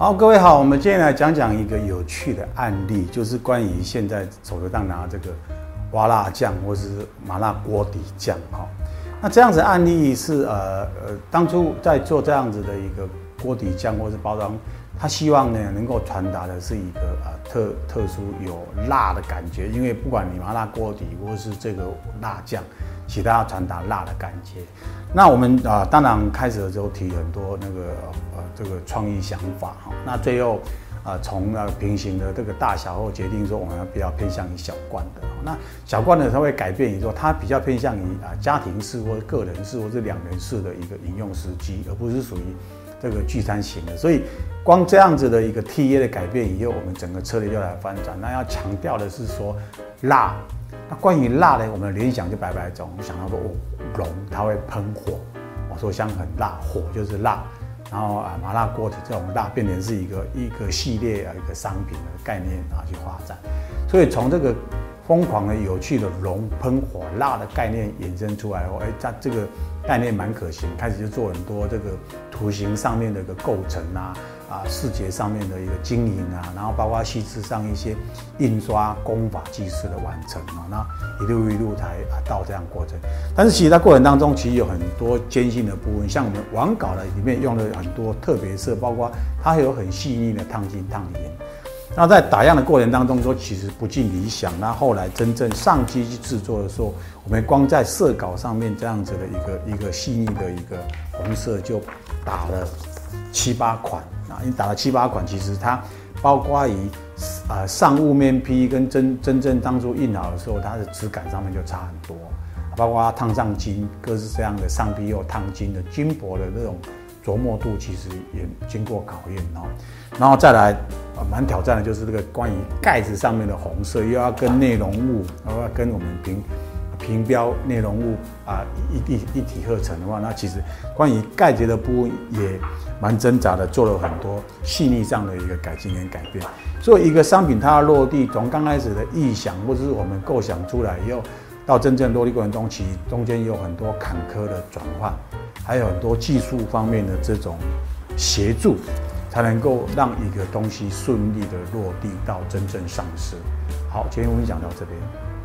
好，各位好，我們今天來講講一個有趣的案例，就是關於現在手頭上拿這個哇辣醬或是麻辣鍋底醬哈。那這樣子案例是呃呃，當初在做這樣子的一個鍋底醬或是包裝，他希望呢能夠傳達的是一個啊、呃、特特殊有辣的感覺，因為不管你麻辣鍋底或是這個辣醬。其他傳達辣的感覺，那我們啊，當然開始的時候提很多那個呃、啊、這個創意想法哈，那最後啊從呃、啊、瓶型的這個大小後決定說，我們要比較偏向於小罐的。那小罐的它會改變你說它比較偏向於啊家庭式或者個人式或者兩人式的一個飲用時機，而不是屬於這個聚餐型的，所以。光這樣子的一個 T A 的改變以後，我們整個策略又來翻轉。那要強調的是說辣，那關於辣呢，我們聯想就百百種，想到說哦，龍它會噴火，我說香很辣，火就是辣，然後啊麻辣鍋底這種辣變成是一個一個系列啊一個商品的概念啊去發展，所以從這個。瘋狂的、有趣的龍噴火辣的概念衍生出來哦，哎、欸，這這個概念蠻可行，開始就做很多這個圖形上面的一個構成啊，啊，視覺上面的一個經營啊，然後包括細緻上一些印刷工法技術的完成啊，那一路一路才到這樣的過程。但是其實在過程當中，其實有很多艱辛的部分，像我們網稿的裡面用了很多特別色，包括它還有很細膩的燙金燙銀。那在打樣的過程當中說，其實不盡理想。那後來真正上機去製作的時候，我們光在色稿上面這樣子的一個一個細膩的一個紅色就打了七八款啊。因為打了七八款，其實它包括於呃上霧面皮跟真真正當初印好的時候，它的質感上面就差很多。包括它燙上金各式各樣，的上皮又燙金的金箔的那種琢磨度，其實也經過考驗哦、喔。然後再來。蠻挑戰的，就是這個關於蓋子上面的紅色，又要跟內容物，然後要跟我們瓶瓶標內容物啊，一一,一體合成的話，那其實關於蓋子的部分也蠻掙扎的，做了很多細膩上的一個改進跟改變。所以一個商品它要落地，從剛開始的臆想，或者是我們構想出來以後，到真正落地過程中，其實中間有很多坎坷的轉換，還有很多技術方面的這種協助。才能夠讓一個東西順利的落地到真正上市。好，今天我跟你講到這邊。